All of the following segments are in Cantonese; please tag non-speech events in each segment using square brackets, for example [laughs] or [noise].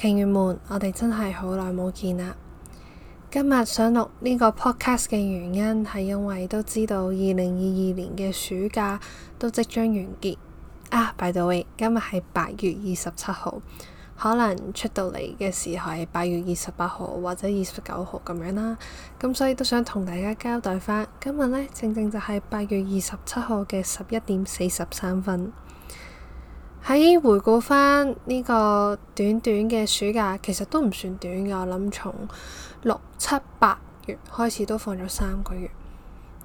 成員們，我哋真係好耐冇見啦！今日想錄呢個 podcast 嘅原因，係因為都知道二零二二年嘅暑假都即將完結啊。By the way，今日係八月二十七號，可能出到嚟嘅時候係八月二十八號或者二十九號咁樣啦。咁所以都想同大家交代翻，今日咧正正就係八月二十七號嘅十一點四十三分。喺回顧翻呢個短短嘅暑假，其實都唔算短嘅。我諗從六、七、八月開始都放咗三個月，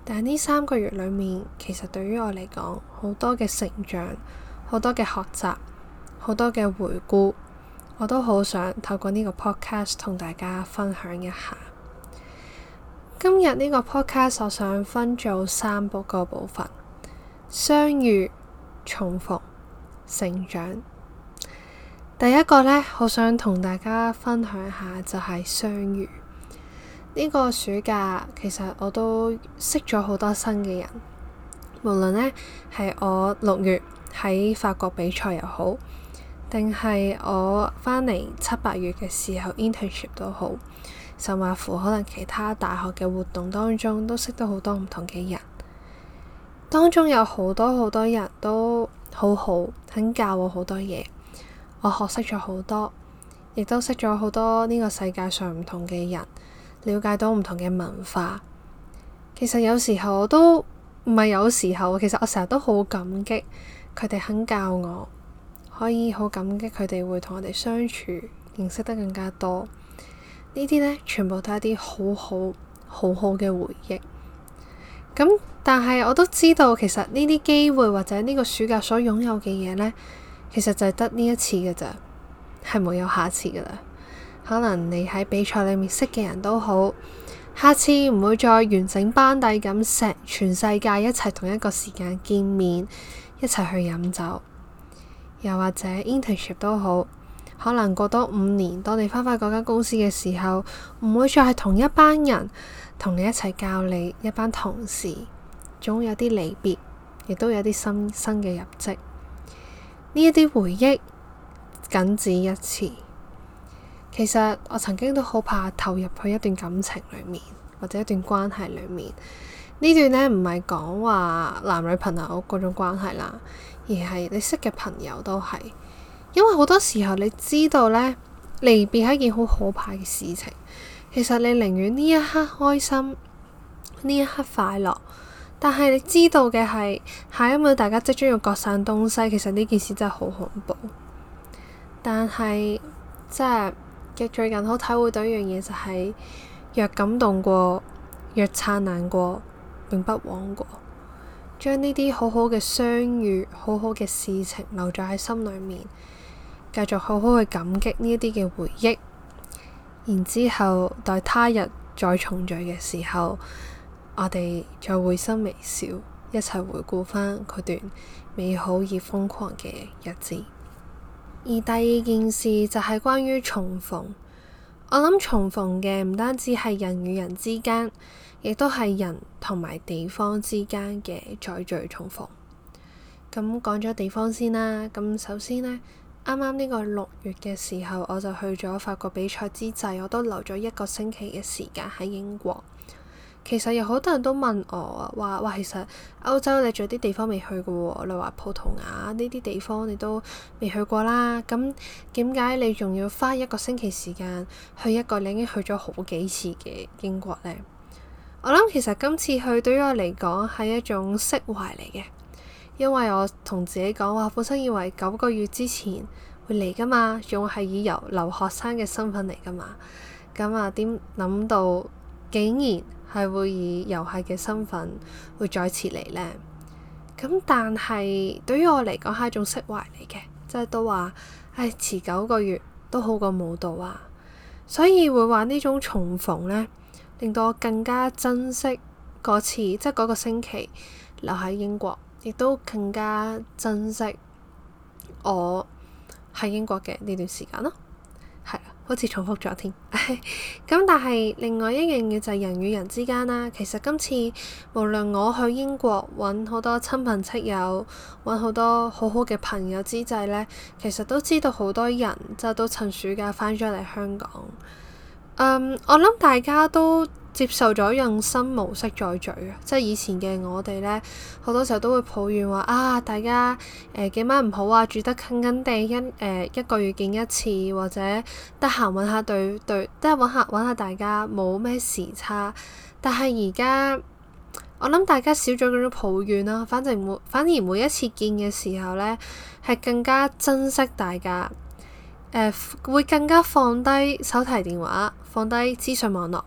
但係呢三個月裏面，其實對於我嚟講，好多嘅成長、好多嘅學習、好多嘅回顧，我都好想透過呢個 podcast 同大家分享一下。今日呢個 podcast 我想分做三個個部分：相遇、重逢。成長，第一個呢，好想同大家分享下就係相遇。呢個暑假其實我都識咗好多新嘅人，無論呢係我六月喺法國比賽又好，定係我翻嚟七八月嘅時候 internship 都好，甚至乎可能其他大學嘅活動當中都識到好多唔同嘅人。當中有好多好多人都，好好，肯教我好多嘢，我學識咗好多，亦都識咗好多呢個世界上唔同嘅人，了解到唔同嘅文化。其實有時候我都，唔係有時候，其實我成日都好感激佢哋肯教我，可以好感激佢哋會同我哋相處，認識得更加多。呢啲咧，全部都係一啲好好好好嘅回憶。咁、嗯，但係我都知道，其實呢啲機會或者呢個暑假所擁有嘅嘢呢，其實就係得呢一次嘅咋，係冇有下次噶啦。可能你喺比賽裡面識嘅人都好，下次唔會再完整班底咁成全世界一齊同一個時間見面，一齊去飲酒。又或者 internship 都好，可能過多五年，當你翻返嗰間公司嘅時候，唔會再係同一班人。同你一齊教你一班同事，總有啲離別，亦都有啲新新嘅入職。呢一啲回憶，僅止一次。其實我曾經都好怕投入去一段感情裏面，或者一段關係裏面。呢段呢，唔係講話男女朋友嗰種關係啦，而係你識嘅朋友都係。因為好多時候你知道呢，離別係一件好可怕嘅事情。其實你寧願呢一刻開心，呢一刻快樂，但係你知道嘅係，下一秒大家即將要各散東西。其實呢件事真係好恐怖。但係即係最近好體會到一樣嘢，就係，就係若感動過，若燦爛過，永不枉過。將呢啲好好嘅相遇，好好嘅事情留在喺心裡面，繼續好好去感激呢一啲嘅回憶。然之後，待他日再重聚嘅時候，我哋再會心微笑，一齊回顧翻嗰段美好而瘋狂嘅日子。而第二件事就係關於重逢。我諗重逢嘅唔單止係人與人之間，亦都係人同埋地方之間嘅再聚重逢。咁講咗地方先啦。咁首先呢。啱啱呢個六月嘅時候，我就去咗法國比賽之際，我都留咗一個星期嘅時間喺英國。其實有好多人都問我話：話其實歐洲你仲有啲地方未去過喎，你話葡萄牙呢啲地方你都未去過啦。咁點解你仲要花一個星期時間去一個你已經去咗好幾次嘅英國咧？我諗其實今次去對於我嚟講係一種釋懷嚟嘅。因為我同自己講話，本身以為九個月之前會嚟噶嘛，仲係以遊留學生嘅身份嚟噶嘛。咁啊，點諗到竟然係會以遊客嘅身份會再次嚟咧？咁但係對於我嚟講，係一種釋懷嚟嘅，即係都話唉，遲、哎、九個月都好過冇到啊。所以會話呢種重逢咧，令到我更加珍惜嗰次，即係嗰個星期留喺英國。亦都更加珍惜我喺英國嘅呢段時間咯，係啊，好似重複咗添。咁 [laughs] 但係另外一樣嘢就係人與人之間啦。其實今次無論我去英國揾好多親朋戚友，揾好多好好嘅朋友之際咧，其實都知道好多人就係，都趁暑假翻咗嚟香港。嗯，我諗大家都，接受咗用新模式再聚，即係以前嘅我哋咧，好多時候都會抱怨話啊，大家誒、呃、幾晚唔好啊，住得近近哋，一，呃、誒一個月見一次，或者得閒揾下對對，即係揾下揾下大家冇咩時差。但係而家我諗大家少咗嗰種抱怨啦，反正每反而每一次見嘅時候咧，係更加珍惜大家誒、呃，會更加放低手提電話，放低資訊網絡。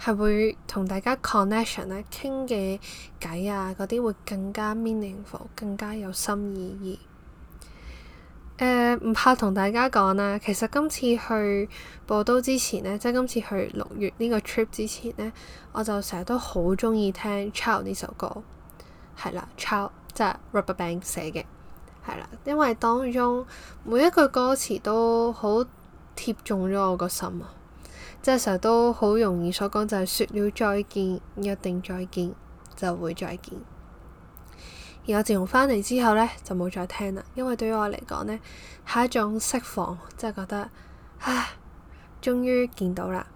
係會同大家 connection 咧傾嘅偈啊，嗰啲會更加 meaningful，更加有深意義。誒、呃，唔怕同大家講啦，其實今次去布都之前咧，即係今次去六月呢個 trip 之前咧，我就成日都好鍾意聽《Child》呢首歌，係啦，《Child 即 bank》即係 Rubberband 寫嘅，係啦，因為當中每一句歌詞都好貼中咗我個心啊！即係成日都好容易所講就係說了再見，約定再見就會再見。而我自從翻嚟之後咧，就冇再聽啦，因為對於我嚟講咧係一種釋放，即係覺得唉，終於見到啦。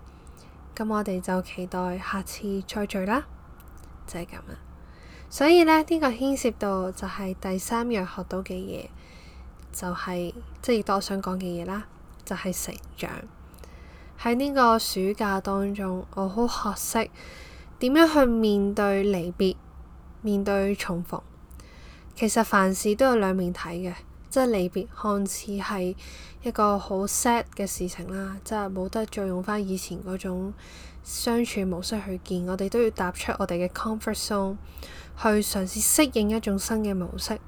咁我哋就期待下次再聚啦，就係咁啦。所以咧呢個牽涉到就係第三樣學到嘅嘢，就係即係亦都我想講嘅嘢啦，就係成長。喺呢個暑假當中，我好學識點樣去面對離別、面對重逢。其實凡事都有兩面睇嘅，即係離別看似係一個好 sad 嘅事情啦，即係冇得再用返以前嗰種相處模式去見，我哋都要踏出我哋嘅 comfort zone，去嘗試適應一種新嘅模式。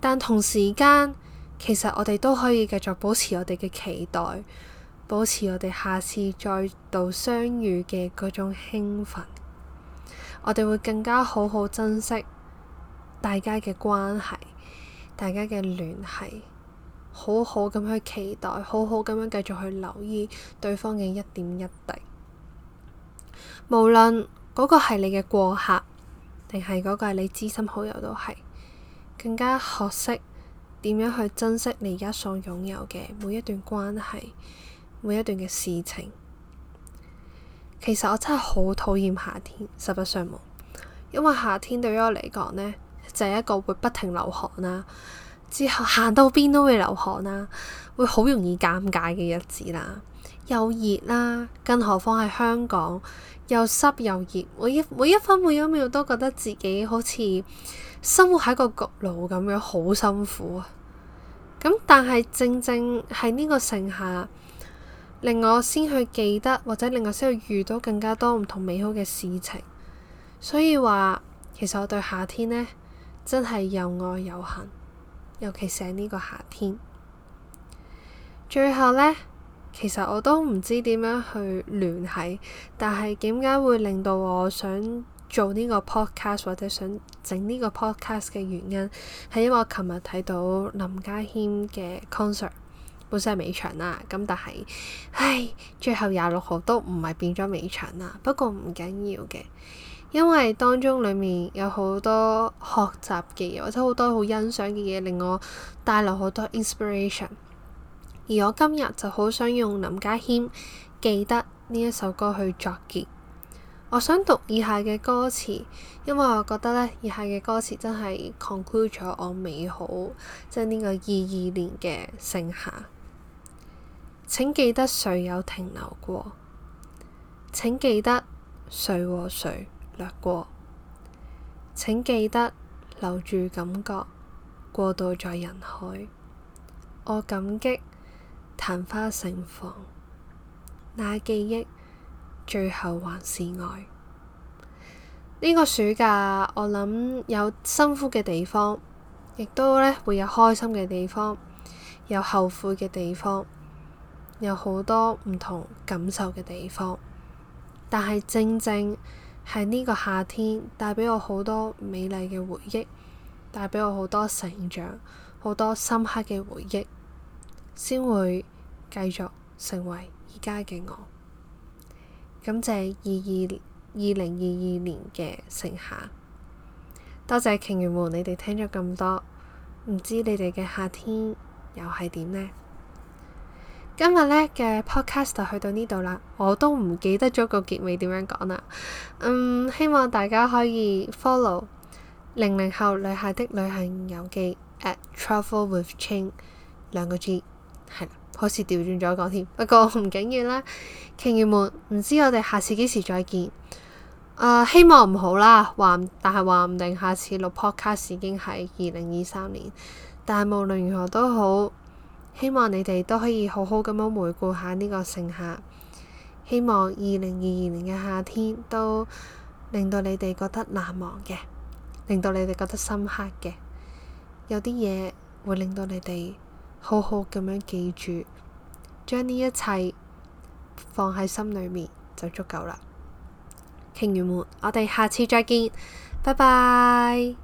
但同時間，其實我哋都可以繼續保持我哋嘅期待。保持我哋下次再度相遇嘅嗰種興奮，我哋會更加好好珍惜大家嘅關係，大家嘅聯繫，好好咁去期待，好好咁樣繼續去留意對方嘅一點一滴。無論嗰個係你嘅過客，定係嗰個係你知心好友都，都係更加學識點樣去珍惜你而家所擁有嘅每一段關係。每一段嘅事情，其實我真係好討厭夏天，實不相瞞，因為夏天對於我嚟講呢，就係一個會不停流汗啦，之後行到邊都會流汗啦，會好容易尷尬嘅日子啦，又熱啦，更何況喺香港又濕又熱，每一每一分每一秒都覺得自己好似生活喺一個焗爐咁樣，好辛苦啊！咁但係正正喺呢個盛夏。令我先去記得，或者令我先去遇到更加多唔同美好嘅事情，所以話其實我對夏天呢，真係又愛又恨，尤其成呢個夏天。最後呢，其實我都唔知點樣去聯繫，但係點解會令到我想做呢個 podcast 或者想整呢個 podcast 嘅原因，係因為我琴日睇到林家謙嘅 concert。本身係尾場啦，咁但係，唉，最後廿六號都唔係變咗尾場啦。不過唔緊要嘅，因為當中裡面有好多學習嘅嘢，或者好多好欣賞嘅嘢，令我帶來好多 inspiration。而我今日就好想用林家謙《記得》呢一首歌去作結。我想讀以下嘅歌詞，因為我覺得呢，以下嘅歌詞真係 conclude 咗我美好，即係呢個二二年嘅盛夏。請記得誰有停留過，請記得誰和誰掠過，請記得留住感覺，過渡在人海。我感激曇花盛放，那記憶最後還是愛。呢個暑假，我諗有辛苦嘅地方，亦都咧會有開心嘅地方，有後悔嘅地方。有好多唔同感受嘅地方，但係正正係呢個夏天帶俾我好多美麗嘅回憶，帶俾我好多成長，好多深刻嘅回憶，先會繼續成為而家嘅我。感謝二二二零二二年嘅盛夏，多謝群員和你們你哋聽咗咁多，唔知你哋嘅夏天又係點呢？今日咧嘅 podcast 就去到呢度啦，我都唔記得咗個結尾點樣講啦。嗯，希望大家可以 follow 零零後女孩的旅行遊記 at travel with change 兩個 G 係啦，好似調轉咗講添。不過唔緊要啦，群員們，唔知我哋下次幾時再見？誒、呃，希望唔好啦，話但係話唔定下次錄 podcast 已經係二零二三年。但係無論如何都好。希望你哋都可以好好咁樣回顧下呢個盛夏，希望二零二二年嘅夏天都令到你哋覺得難忘嘅，令到你哋覺得深刻嘅，有啲嘢會令到你哋好好咁樣記住，將呢一切放喺心裏面就足夠啦。聽眾們，我哋下次再見，拜拜。